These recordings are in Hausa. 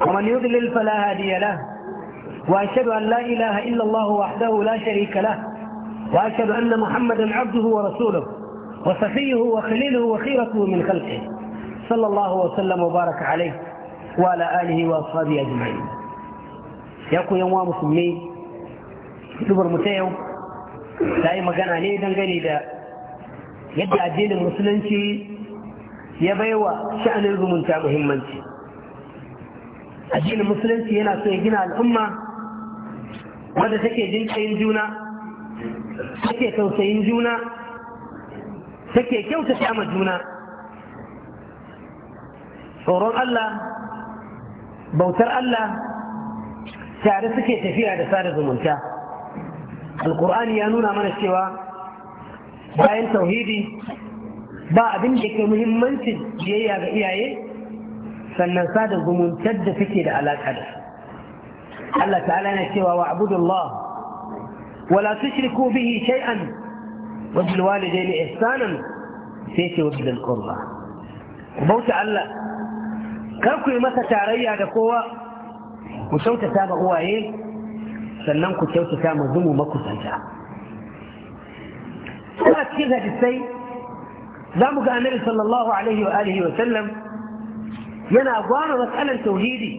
ومن يضلل فلا هادي له وأشهد أن لا إله إلا الله وحده لا شريك له وأشهد أن محمدا عبده ورسوله وصفيه وخليله وخيرته من خلقه صلى الله وسلم وبارك عليه وعلى آله وأصحابه أجمعين يقول يوم مسلمين دبر متيو دائما كان عليه yi يدعي الدين المسلم da يبيوى شأن musulunci ya baiwa addinin musulunci yana so ya gina al'umma wadda take jinkayin juna take tausayin juna take kyautata ma juna tsoron Allah bautar Allah tare suke tafiya da sada zumunta alkur'ani ya nuna mana cewa bayan tauhidi ba abin da ke muhimmancin biyayya ga iyaye sannan sada zumuntar da take da alaƙa da Allah ta'ala yana cewa wa abudullah wala tushriku bihi shay'an wa bil walidayni ihsanan sai ce wa bil qurba bauta Allah kar ku yi masa tarayya da kowa ku kyautata ga uwaye sannan ku kyautata ma zumu makusanta kuma cikin hadisai za mu ga annabi sallallahu alaihi wa alihi wa sallam yana gwara matsalar tauhidi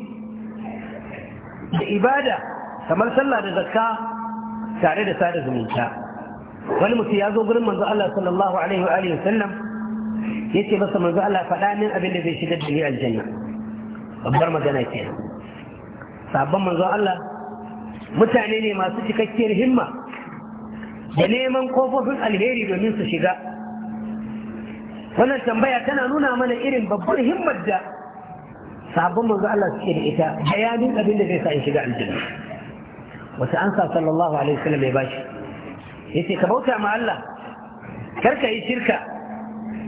da ibada kamar sallah da zakka tare da sada zumunta wani mutum ya zo gurin manzo Allah sallallahu alaihi wa alihi wasallam yace masa manzo Allah faɗa min abin da zai shigar da ni aljanna babbar magana ke. sabon manzo Allah mutane ne masu cikakkiyar himma da neman kofofin alheri domin su shiga wannan tambaya tana nuna mana irin babbar himmar da sabon manzo Allah suke da ita bayanin abin da zai sa in shiga aljanna wata sa sallallahu alaihi wasallam ya bashi yace ka bauta ma Allah karka yi shirka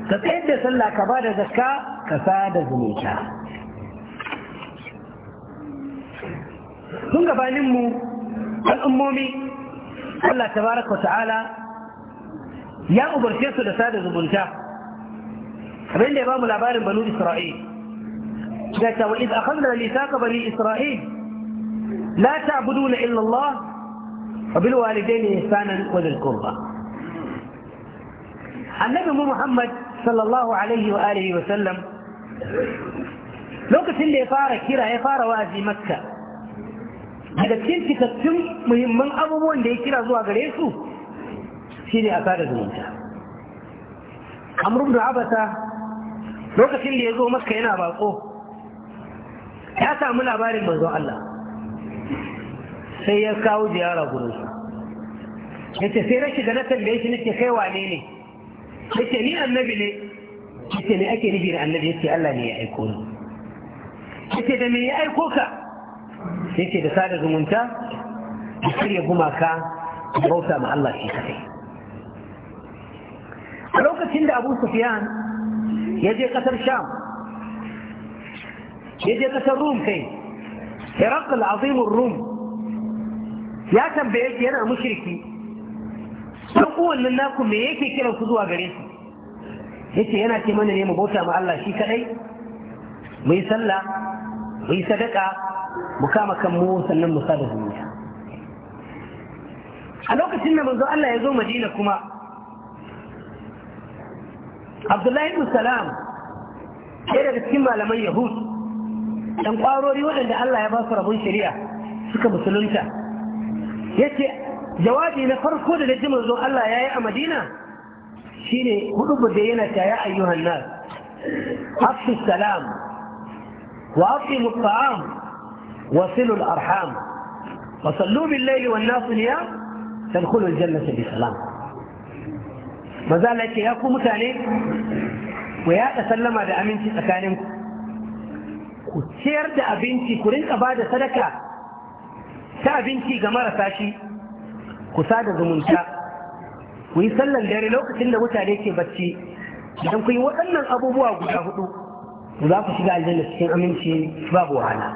ka tsayar da sallah ka bada zakka ka sada zumunta kun gabanin mu al'ummomi Allah tabaraka ta'ala ya ubarce su da sada zumunta abin da ya ba mu labarin banu Isra'il قالت وإذ أخذنا ميثاق بني إسرائيل لا تعبدون إلا الله وبالوالدين إحسانا وذي القربى النبي محمد صلى الله عليه وآله وسلم لو كنت اللي فارة كيرا فارة وازي مكة هذا كنت تتم مهم من أبوان دي كيرا زوا غريسو سيري أفارة زمانتا عمرو بن عبسة لو كنت اللي يزوا مكة هنا بالقوه ya samu labarin manzon Allah sai ya kawo ziyara gurin su yace sai rashi da na tambaye shi nake kai wane ne yace ni annabi ne yace ne ake nufi da annabi yace Allah ne ya aiko ni yace da me ya aiko ka yace da sada zumunta da shirya gumaka da bauta ma Allah shi kadai a lokacin da Abu Sufyan ya je kasar Sham ya je kasar rum kai iraqal azimin rum ya tambaye ki yana mushriki dan uwannan naku me yake kiran ku zuwa gare su yace yana ce mana ne mu bauta ma Allah shi kadai mu yi sallah mu sadaka mu kama kanmu sannan mu sada zuciya a lokacin da manzo Allah ya zo Madina kuma Abdullahi ibn Salam ɗaya daga cikin malaman Yahud dan kwarori waɗanda Allah ya ba su rabon shari'a suka musulunta yace jawabi na farko da naji manzo Allah yayi a Madina shine hudu da yana ta ya ayyuhan nas afshu salam wa aqimu taam wa silu arham wa sallu bil-layli wan-nas niyam tadkhulu al-jannata bi salam maza lake ya ku mutane ku yaɗa sallama da aminci tsakaninku ku ciyar da abinci ku rinka ba da sadaka ta abinci ga marasa shi ku da zumunta ku yi sallan dare lokacin da mutane ke bacci idan ku yi waɗannan abubuwa guda hudu za ku shiga aljanna cikin aminci babu wahala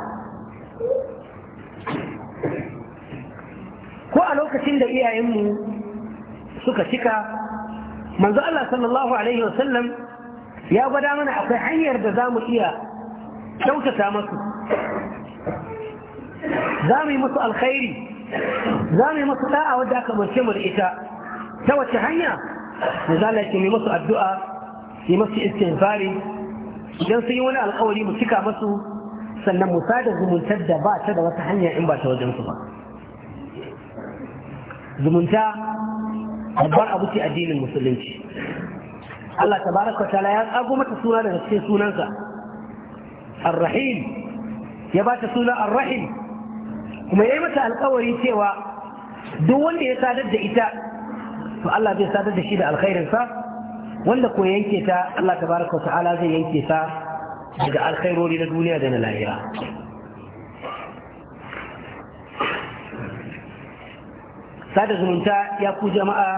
ko a lokacin da iyayenmu suka cika manzo Allah sallallahu alaihi wasallam ya gwada mana akwai hanyar da za mu iya kyautata masu za mu yi masu alkhairi za mu yi masu da'a wadda aka mace mu da ita ta wace hanya mu zala ke yi addu'a yi musu istighfari idan sun yi wani alkawari mu cika masu sannan mu sada zumuntar da ba ta da wata hanya in ba ta wajen su ba zumunta babbar abu ce addinin musulunci Allah tabaraka ta'ala ya tsago mata suna daga cikin sunansa ya الرحيم يا بات سونا الرحيم كما يمتى القوري سوى دول يسادد إتاء فالله بيسادد شيء da الفا wanda ko yanke ta Allah tabaraka ta'ala zai yanke ta daga alkhairori na duniya da na lahira sada zumunta ya ku jama'a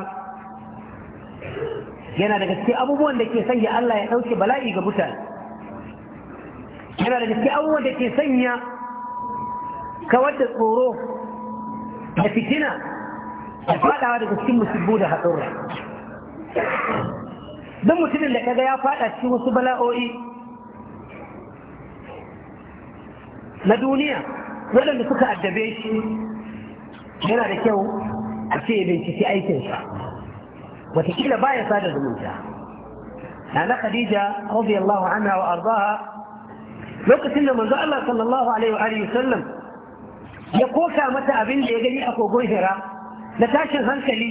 yana daga cikin abubuwan da ke sanya Allah ya ɗauke bala'i ga mutane yana da gaske abubuwan da ke sanya kawar da tsoro da fitina da faɗawa daga cikin musibbu da haɗurra don mutumin da kaga ya faɗa cikin wasu bala'o'i na duniya waɗanda suka addabe shi yana da kyau a ce binciki aikinsa watakila baya sada zumunta na na khadija radiyallahu anha wa ardaha lokacin da manzo Allah sallallahu alaihi wa sallam ya koka mata abin da ya gani a kogon hira na tashin hankali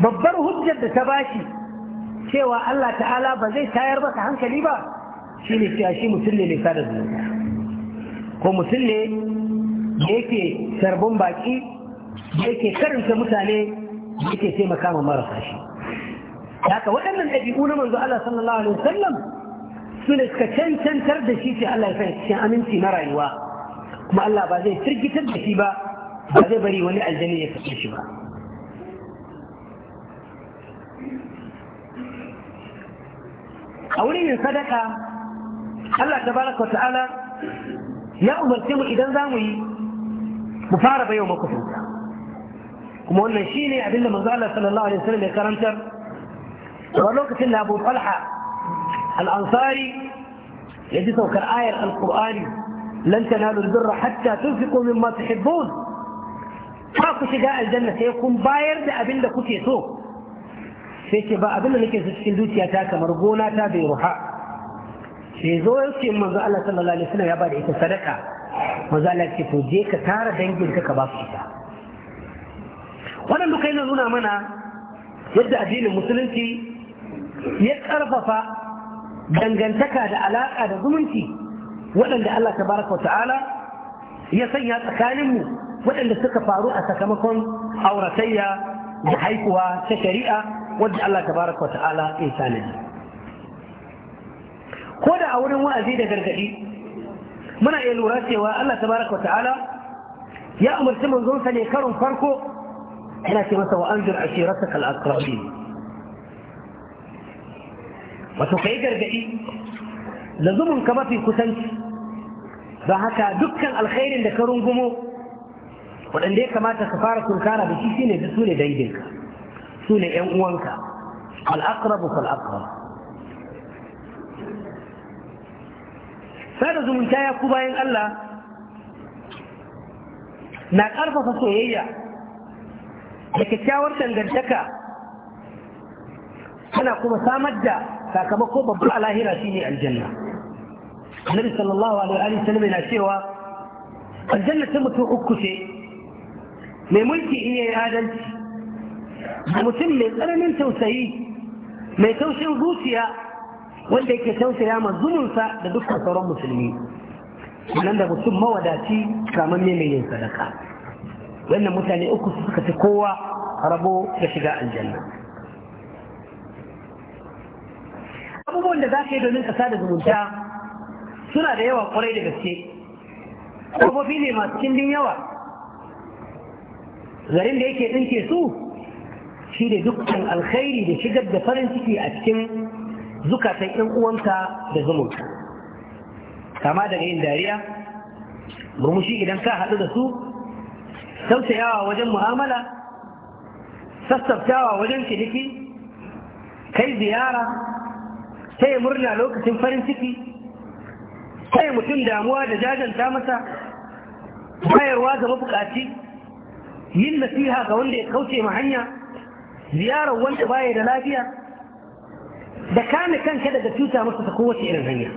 babbar hujjar da ta bashi cewa Allah ta'ala ba zai tayar masa hankali ba shi ne cewa shi mutum ne mai sada zumunta ko mutum ne da yake sarbin baki da yake karanta mutane da yake taimaka ma marasa shi haka waɗannan ɗabi'u na manzo Allah sallallahu alaihi Sallam? su ka cancantar da shi ce Allah ya sanya cikin aminci na rayuwa kuma Allah ba zai firgitar da shi ba ba zai bari wani aljani ya kashe shi ba a wurin yin sadaka Allah tabaraka wa ta'ala ya umarce mu idan za mu yi mu fara bayo makufinta kuma wannan ne abinda manzo Allah sallallahu alaihi wasallam ya karantar a lokacin da Abu Talha Al-ansari ya ji saukar ayar alkur'ani lan tanalu birra hatta tunfiqu mimma tuhibbun ba ku shiga aljanna sai kun bayar da abin da kuke so sai ce ba abin da nake so cikin zuciyata kamar gona ta bai ruha sai zo ya ce manzo Allah sallallahu alaihi wasallam ya ba da ita sadaka manzo Allah ce je ka tara dangin ka ba su ita wannan duka yana nuna mana yadda addinin musulunci ya karfafa dangantaka da alaƙa da zumunci waɗanda Allah tabaraka wa ta'ala ya sanya tsakaninmu waɗanda suka faru a sakamakon auratayya da haihuwa ta shari'a wadda Allah tabaraka wa ta'ala ya tanadi ko da a wurin wa'azi da gargaɗi muna iya lura cewa Allah tabaraka wa ta'ala ya umarci manzonsa ne karon farko yana ce masa wa anzir ashiratakal aqrabin wato ka yi gargaɗi da zumunka mafi kusanci don haka dukkan alkhairin da ka rungumo waɗanda ya kamata ka fara tunkara da shi shine su ne danginka su ne ‘yan uwanka al'akrabu fal'akrabu sada zumunta ya ku bayan Allah na ƙarfafa soyayya da kyakkyawar dangantaka tana kuma samar da sakamako babban alahira shi shine aljanna annabi sallallahu alaihi wa sallam yana cewa aljanna ta mutum uku ce mai mulki iya yi adalci mutum mai tsananin tausayi mai taushin zuciya wanda yake tausaya ma zumunsa da dukkan sauran musulmi nan da mutum mawadaci kamar mai mai yin sadaka wannan mutane uku suka ci kowa rabo da shiga aljanna abubuwan da za ka yi domin ka sada zumunta suna da yawa kwarai da gaske ƙofofi ne masu cimbin yawa garin da yake ɗinke su shi da dukkan alkhairi da shigar da farin ciki a cikin zukatan ‘yan uwanka da zumunta kama daga yin dariya murmushi idan ka haɗu da su tausayawa wajen mu'amala sassaftawa wajen ciniki kai ziyara ta murna lokacin farin ciki ta mutum damuwa da jajanta masa bayarwa ga mabukaci yin nasiha ga wanda ya kauce ma hanya ziyarar wanda baya da lafiya da kame kanka daga cuta masa ta kowace irin hanya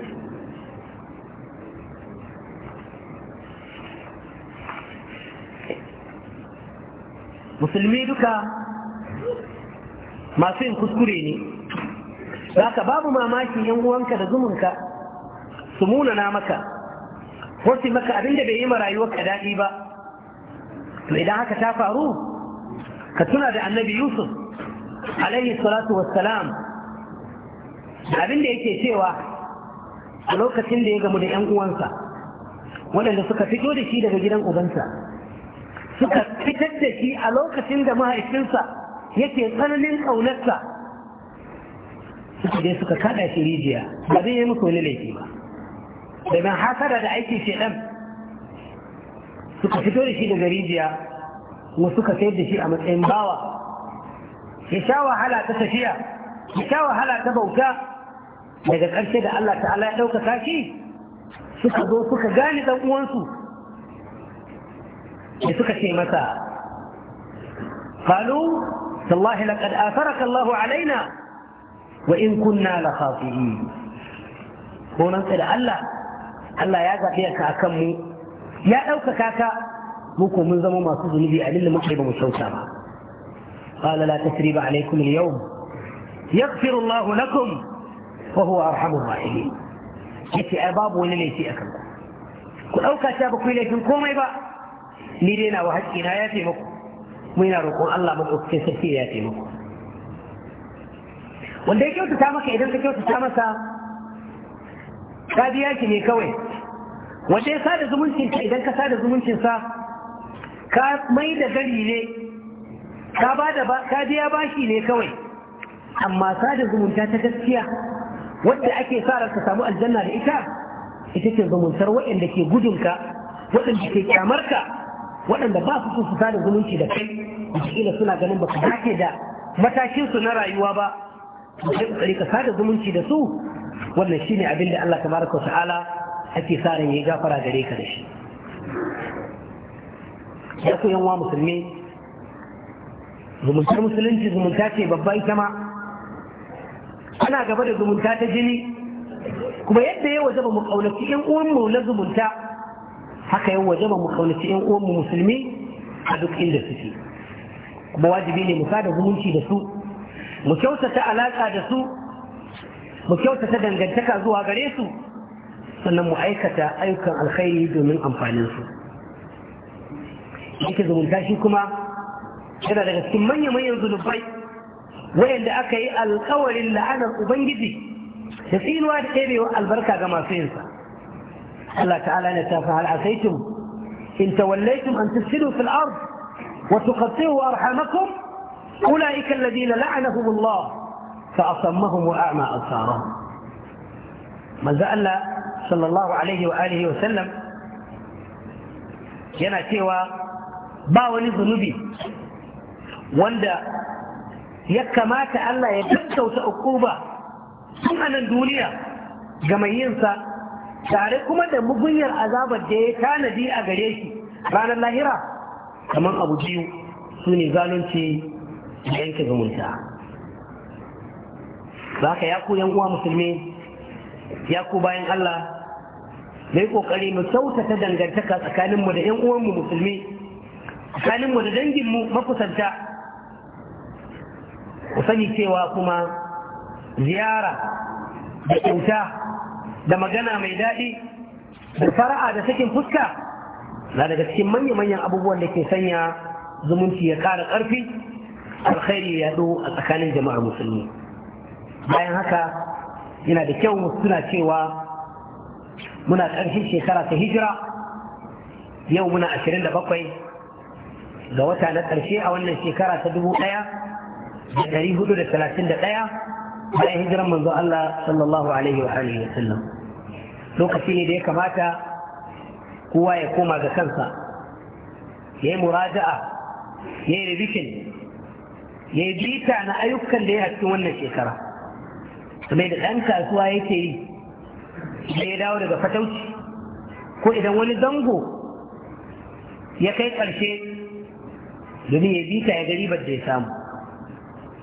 musulmi duka masu yin kuskure ne haka babu mamaki yan uwanka da zumunka su munana maka ko su maka abin da bai yi ma ka daɗi ba to idan haka ta faru ka tuna da annabi yusuf alaihi salatu wassalam abin da yake cewa a lokacin da ya gamu da yan uwansa waɗanda suka fito da shi daga gidan ubansa suka fitar da shi a lokacin da mahaifinsa yake tsananin ƙaunarsa suka je suka kada shi rijiya ba zai yi musu wani laifi ba daga hasara da aiki shedan suka fito da shi daga rijiya kuma suka sayar da shi a matsayin bawa ya sha wahala ta tafiya ya sha wahala ta bauta daga ƙarshe da Allah ta'ala ya ɗaukaka shi suka zo suka gane ɗan uwansu da suka ce masa قالوا تالله لقد آثرك الله علينا وإن كنا لخافئين هنا نقول الله الله يجب أن يا أوكا كاكا مكو من زمو ما سوزو نبي أدل مكعب مستوسابا قال لا تسريب عليكم اليوم يغفر الله لكم وهو أرحم الراحمين يتي أباب ولا ليتي أكبر كل أوكا تابق في ليتن كوم إبا نرينا وحد ناياتي موكو مكو مينا رقون الله مكو كسر في ياتي مكو wanda ya kyautata maka idan ka kyautata masa ka biya ki ne kawai wanda ya sada zumuncin ka idan ka sada zumuncin sa ka mai da gari ne ka ba da ka biya bashi ne kawai amma sada zumunta ta gaskiya wadda ake sa ran ka samu aljanna da ita ita ce zumuntar waɗanda ke gudunka waɗanda ke kyamarka waɗanda ba su so su sada zumunci da kai wataƙila suna ganin ba su dace da matashinsu na rayuwa ba sai ka sada zumunci da su wannan shine abin da Allah tabaraka wa ta'ala ake sa ran yayi gafara gare ka da shi ya ku yan musulmi zumuntar musulunci zumunta ce babba ita ma ana gaba da zumunta ta jini kuma yadda ya wajaba mu kaunaci yan mu na zumunta haka ya wajaba mu kaunaci yan mu musulmi a duk inda suke kuma wajibi ne mu sada zumunci da su mu kyautata alaƙa da su mu kyautata dangantaka zuwa gare su sannan mu aikata ayyukan alkhairi domin amfaninsu yake zumunta shi kuma yana daga cikin manya-manyan zunubai wayanda aka yi alkawarin la'anar ubangiji da tsinuwa da ɗebewa albarka ga masu yinsa Allah ta'ala ne ta fi hal asaitum in tawallaitum an tufsidu fil wa tuqatti'u arhamakum اولئك الذين لعنهم الله فاصمهم واعمى ص م ما زال صلى الله عليه واله وسلم ينا سوى باول ذنوبي وندى يك مات الا يدمتو س أ ق و ب ة ان الدنيا كما ينسى كان دي اغريتي كان اللهيره كمان ابو جيو سني ظالمتي idan ka zumunta ba ka ya yan uwa musulmi yaku bayan Allah mai yi kokari mu kyautata dangantaka tsakaninmu da yan mu musulmi mu da dangin mu makusanta ku sani cewa kuma ziyara da kyauta da magana mai daɗi da fara'a da sakin fuska na daga cikin manya-manyan abubuwan da ke sanya zumunci ya ƙara ƙarfi alkhairi ya yaɗo a tsakanin jama'ar musulmi bayan haka yana da kyau suna cewa muna ƙarshen shekara ta hijira yau muna 27 ga wata na ƙarshe a wannan shekara ta 1431 bayan hijiran manzo Allah sallallahu alaihi wa alihi wasallam lokaci ne da ya kamata kowa ya koma ga kansa ya yi muraja'a ya yi revision ya bita na ayyukan da ya haske wannan shekara kuma da ɗan kasuwa yake yi da ya dawo daga fatauci ko idan wani zango ya kai ƙarshe domin ya bita ya gari da ya samu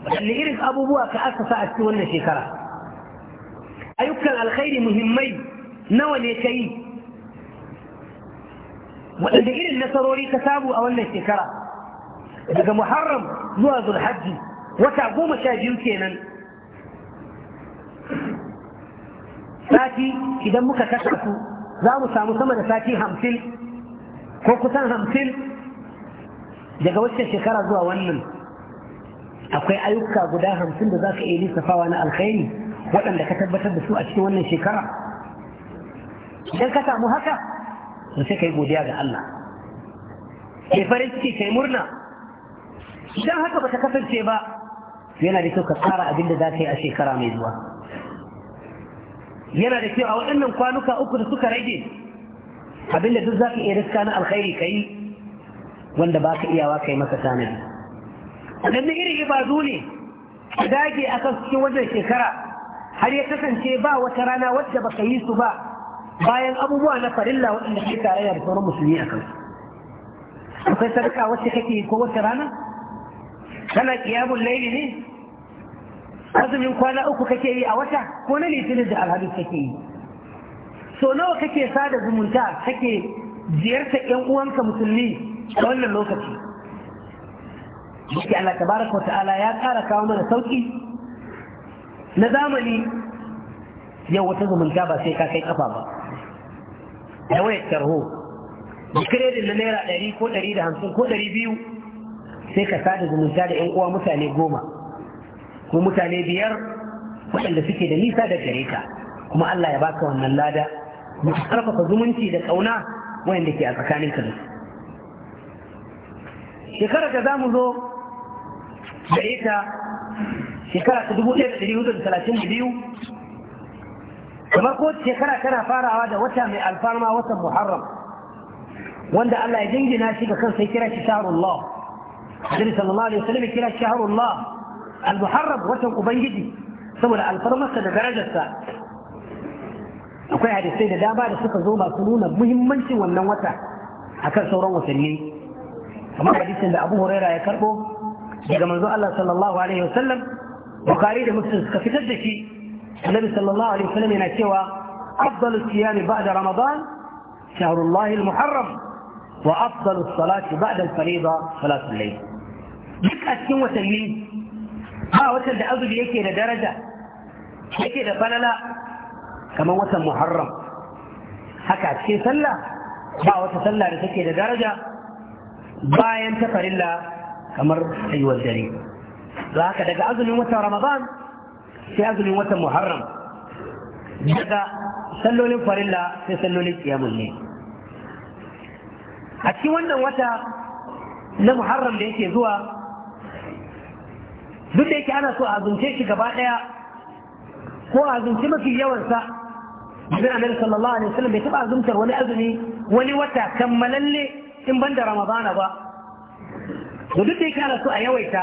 waɗanne irin abubuwa ka aka sa a cikin wannan shekara ayyukan alkhairi muhimmai nawa ne ka yi waɗanda irin nasarori ka samu a wannan shekara daga muharram zuwa zulhajji wata goma sha biyu kenan sati idan muka kasa su za mu samu sama da sati hamsin ko kusan hamsin daga waccan shekara zuwa wannan akwai ayyuka guda hamsin da za ka iya lissafawa na alkhairi waɗanda ka tabbatar da su a cikin wannan shekara idan ka samu haka sai ka yi godiya ga Allah ke farin ciki yi murna idan haka ba ta kasance ba yana da kyau ka tsara abin da za ka yi a shekara mai zuwa yana da kyau a waɗannan kwanuka uku da suka rage abin da duk za ka iya riska na alkhairi ka yi wanda ba ka iyawa ka yi masa tanadi waɗannan irin ibadu ne ka dage a kan cikin wannan shekara har ya kasance ba wata rana wacce ba ka yi su ba bayan abubuwa na farilla waɗanda ke tarayya da sauran musulmi a kansu akwai sadaka wacce kake ko wata rana kana kiyamun laili ne azumin kwana uku kake yi a wata ko na litinin da alhamis kake yi so nawa kake sada zumunta kake ziyarta yan uwanka musulmi a wannan lokaci Baki Allah tabaraka wa ta'ala ya ƙara kawo mana sauki na zamani yau wata zumunta ba sai ka kai kafa ba ya wayar tarho da kiredin na naira ɗari ko ɗari ko ɗari sai ka sada zumunta da yan uwa mutane goma ko mutane biyar waɗanda suke da nisa da gare ka kuma Allah ya baka wannan lada mu karfafa zumunci da ƙauna waɗanda ke a tsakanin ka shekara da zamu zo da ita shekara ta dubu ɗaya da ɗari hudu da talatin da biyu kamar ko shekara tana farawa da wata mai alfarma watan muharram wanda Allah ya jingina shi ga kansa ya kira shi shahrullah Annabi sallallahu alaihi wasallam kira shahrullah al-muharram watan ubangiji saboda alfarmarsa da darajarsa akwai hadisai da dama da suka zo masu nuna muhimmancin wannan wata akan sauran watanni kamar hadisin da Abu Huraira ya karbo daga manzo Allah sallallahu alaihi wasallam Bukhari da Muslim suka fitar da shi Annabi sallallahu alaihi wasallam yana cewa afdalu siyami ba'da Ramadan shahrullahi al-muharram وأفضل الصلاة بعد الفريضة صلاة الليل duk a cikin watanni ba watan da azumi yake da daraja yake da falala kamar watan muharram haka a cikin sallah ba wata sallah da take da daraja bayan ta farilla kamar tsayuwar dare za haka daga azumin watan ramadan sai azumin watan muharram daga sallolin farilla sai sallolin kiyamun ne a cikin wannan wata na muharram da yake zuwa duk da yake ana so a azumce shi gaba ɗaya ko a azumci mafi yawansa jibin annabi sallallahu alaihi wasallam bai taɓa azumtar wani azumi wani wata kammalalle in da ramadana ba da duk da yake ana so a yawaita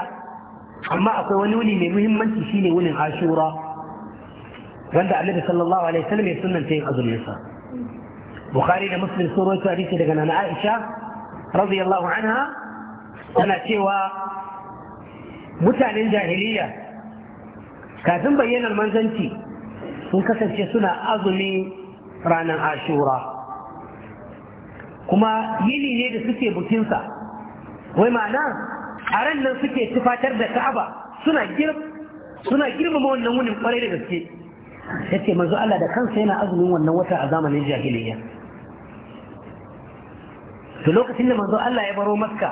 amma akwai wani wuni mai muhimmanci shine wunin ashura wanda annabi sallallahu alaihi wasallam ya sunnanta yin azumin sa bukhari da muslim sun rawaito hadisi daga nana aisha radiyallahu anha tana cewa mutanen jahiliya kafin bayyanar manzanci sun kasance suna azumi ranar ashura kuma yini ne da suke bukinsa wai ma'ana a ran nan suke tufatar da ka'aba suna girmama wannan wunin kwarai da gaske ya manzo Allah da kansa yana azumin wannan wata a zamanin jahiliya Da lokacin da manzo Allah ya baro maska,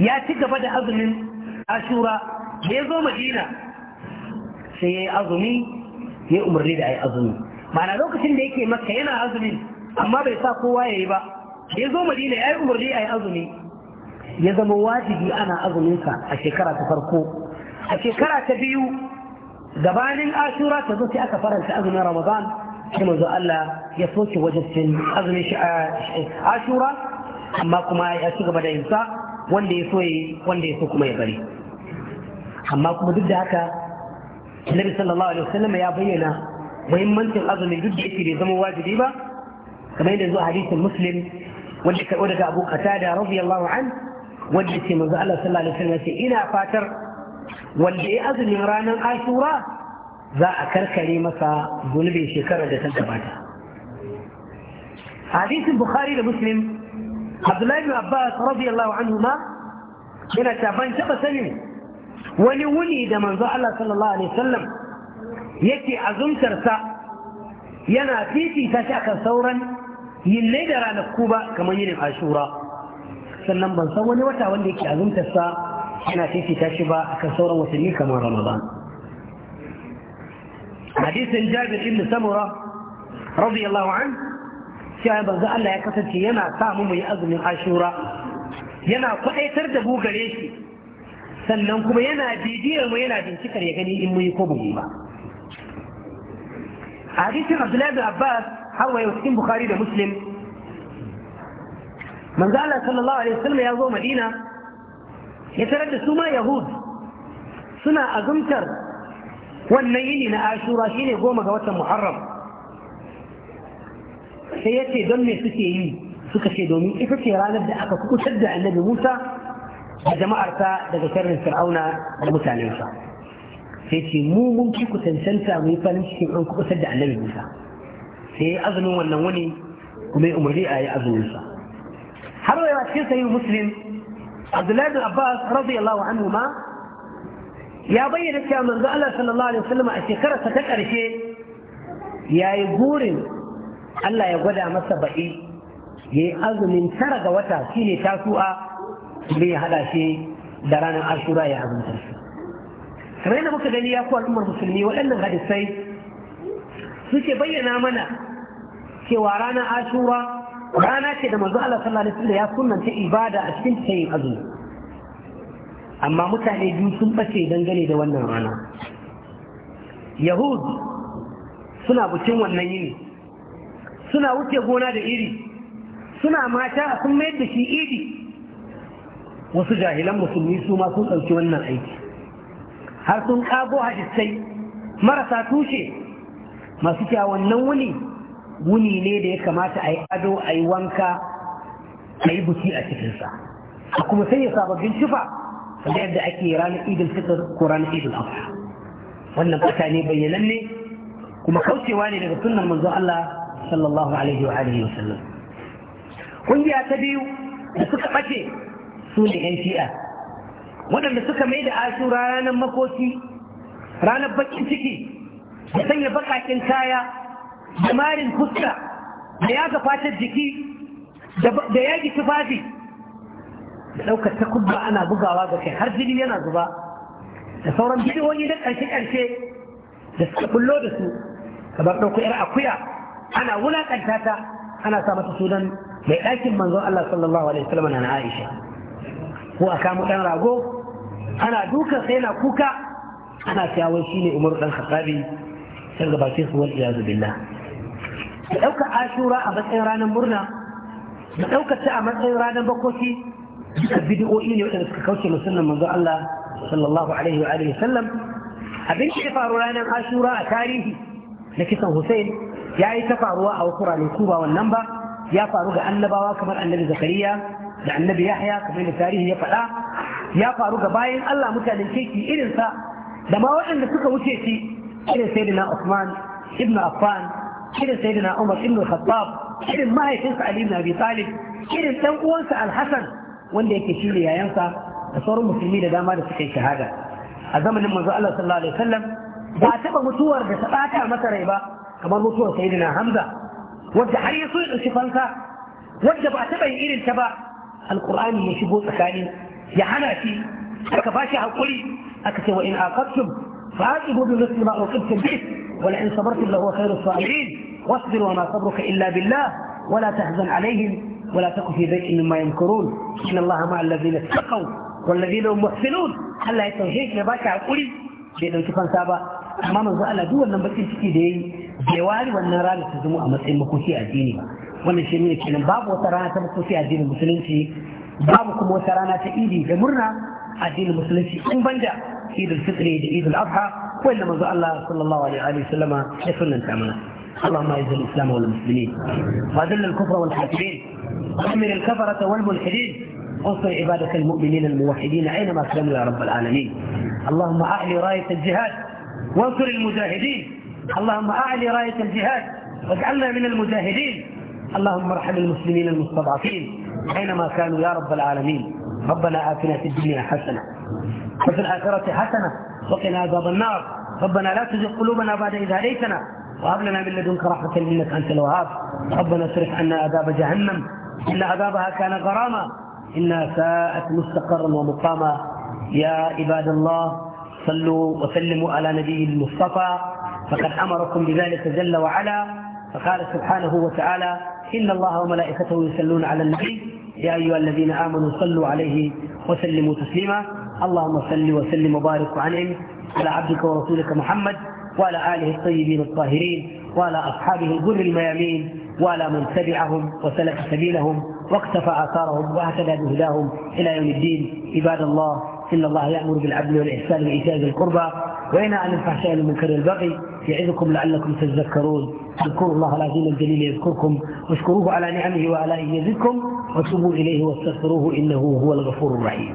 ya ci gaba da azumin Ashura da ya zo Madina sai yi azumi ya umarni da yi azumi ma'ana lokacin da yake maka yana azumi amma bai sa kowa yayi ba ya zo Madina yayi umarni ayi azumi ya zama wajibi ana azumin a shekara ta farko a shekara ta biyu gabanin Ashura ta zo sai aka faranta azumin Ramadan sai manzo Allah ya soke wajibcin azumin ashura amma kuma ya ci gaba da yin wanda ya so wanda ya so kuma ya bari amma kuma duk da haka Annabi sallallahu alaihi wasallam ya bayyana muhimmancin azumin duk da yake bai zama wajibi ba kamar yadda zuwa hadisin Muslim wanda ka daga Abu Qatada radiyallahu an wanda ce manzo Allah sallallahu alaihi wasallam ya ce ina fatar wanda ya azumin ranar Ashura za a karkare masa zunubin shekarar da ta gabata hadisin bukhari da muslim abdullahi bin abbas radiyallahu anhu ma yana ta ban taba sanin wani wuni da manzo Allah sallallahu alaihi wasallam yake azumtar sa yana fifita shi akan sauran yin da ranaku ba kamar yin ashura sannan ban san wani wata wanda yake azumtarsa, yana fifita shi ba akan sauran watanni kamar ramadan hadisin jabir ibn samura radiyallahu an cewa banzu Allah ya kasance yana sa mu mu yi azumin ashura yana kwaɗaitar da mu gare shi sannan kuma yana bibiyar mu yana bincikar ya gani in mu yi ko mu yi ba hadisin abdullahi bin abbas har wayo cikin bukhari da muslim manzo Allah sallallahu alaihi wasallam ya zo madina ya tarar da su ma yahud suna azumtar wannan yini na ashura shine goma ga watan muharram sai ya ce don me suke yi suka ce domin ita ce ranar da aka kukutar da annabi musa da jama'arsa daga sharrin fir'auna da mutanensa sai ce mu mun fi kusantanta mu yi farin cikin an kukutar da annabi musa sai ya azumin wannan wani kuma ya umarni a yi azuminsa har wa yawa cikin sayin muslim abdullahi bin abbas radiyallahu anhu ma ya bayyana cewa manzo Allah sallallahu alaihi wasallam a shekarar ta karshe yayi burin Allah ya gwada masa ba'i yayi azumin tara ga wata shine tasu'a bai ya hada shi da ranar ashura ya azumta shi kamar yadda muka gani ya ku al'ummar musulmi waɗannan hadisai suke bayyana mana cewa ranar ashura rana ce da manzo Allah sallallahu alaihi wasallam ya sunnanta ibada a cikin tayin azumi amma mutane biyu sun ɓace dangane da wannan rana yahud suna bucin wannan yini suna wuce gona da iri suna mata sun mayar da shi iri wasu jahilan musulmi su ma sun ɗauki wannan aiki har sun ƙago hadisai marasa tushe masu kya wannan wuni wuni ne da ya kamata a yi ado a yi wanka a yi buki a cikinsa a kuma ya sababbin tufa da yadda ake ranar idul fitr ko ranar idul adha wannan fata ne bayyananne kuma kaucewa ne daga sunnar manzo Allah sallallahu alaihi wa alihi wa sallam kungiya ta biyu da suka bace su ne yan shi'a waɗanda suka mai da asu ranar makoki ranar bakin ciki da sanya bakakin kaya da marin fuska da yaga fatar jiki da yaki tufafi da ɗaukar kubba ana bugawa ga kai har jini yana zuba da sauran bidiyoyi na ƙarshe-ƙarshe da suka bullo da su kamar ɗauko ‘yar akuya ana wulaƙanta ta ana sa mata sunan mai ɗakin manzo Allah sallallahu alaihi wasallam na Aisha ko a kamo ɗan rago ana duka sai na kuka ana cewa shi ne Umar dan Khattabi sai ga bakin su wal iyazu billah da ɗaukar Ashura a matsayin ranar murna da ɗaukar ta a matsayin ranar bakoki duka bid'o'i ne waɗanda suka kauce musulman manzo Allah sallallahu alaihi wa alihi sallam abin da ya faru ranar Ashura a tarihi na kisan Hussein ya yi ta faruwa a wasu ranaku ba wannan ba ya faru ga annabawa kamar annabi Zakariya da annabi Yahya kamar da tarihi ya faɗa ya faru ga bayan Allah mutanen keki irinsa da ma waɗanda suka wuce shi irin sayyidina Usman ibn Affan irin sayyidina Umar ibn Khattab irin mahaifinsa Ali ibn Abi Talib irin dan uwansa Al-Hasan wanda yake shi ne yayansa da sauran musulmi da dama da suke shahada a zamanin manzo Allah sallallahu alaihi wasallam ba a taba mutuwar da ta bata masa rai ba kamar mutuwar sayyidina Hamza wanda har ya so ya dauki fansa wanda ba a taba yin irin ta ba alqur'ani ya shigo tsakani ya hana shi aka ba shi hakuri aka ce wa in aqabtum fa'aqibu bi mithli ma uqibtum bi wa la in sabartum lahu khairu sabirin wasbir wa ma sabruka illa billah ولا تحزن عليهم ولا تك في ضيق مما يمكرون إن الله مع الذين اتقوا والذين هم محسنون Allah ya taushe shi ba shi hakuri bai ɗauki fansa ba amma manzo Allah duk wannan bakin ciki da yayi bai wari wannan rana ta zama a matsayin makoki addini ba wannan shi ne kenan babu wata rana ta makoki addinin musulunci babu kuma wata rana ta idi da murna addinin musulunci in banda idul fitri da idul adha wanda manzo Allah sallallahu alaihi اللهم اعز الاسلام والمسلمين الكفر وأمر الكفرة والملحدين انصر عبادك المؤمنين الموحدين أينما كانوا يا رب العالمين اللهم أعلي راية الجهاد وانصر المجاهدين اللهم أعلي راية الجهاد واجعلنا من المجاهدين اللهم ارحم المسلمين المستضعفين أينما كانوا يا رب العالمين ربنا آتنا في الدنيا حسنة وفي الآخرة حسنة وقنا عذاب النار ربنا لا تزغ قلوبنا بعد إذ هديتنا وهب لنا من لدنك رحمة إنك أنت الوهاب ربنا اصرف عنا عذاب جهنم إن عذابها كان غراما إنها ساءت مستقرا ومقاما يا عباد الله صلوا وسلموا على نبي المصطفى فقد أمركم بذلك جل وعلا فقال سبحانه وتعالى إن الله وملائكته يصلون على النبي يا أيها الذين آمنوا صلوا عليه وسلموا تسليما اللهم صل وسلم وبارك عليه على عبدك ورسولك محمد وعلى آله الطيبين الطاهرين وعلى أصحابه الغر الميامين وعلى من تبعهم وسلك سبيلهم واقتفى آثارهم واهتدى بهداهم إلى يوم الدين عباد الله إن الله يأمر بالعدل والإحسان وإيتاء ذي القربى وينهى عن الفحشاء والمنكر والبغي يعظكم لعلكم تذكرون اذكروا الله العظيم الجليل يذكركم واشكروه على نعمه وآلائه يزدكم وتوبوا إليه واستغفروه إنه هو الغفور الرحيم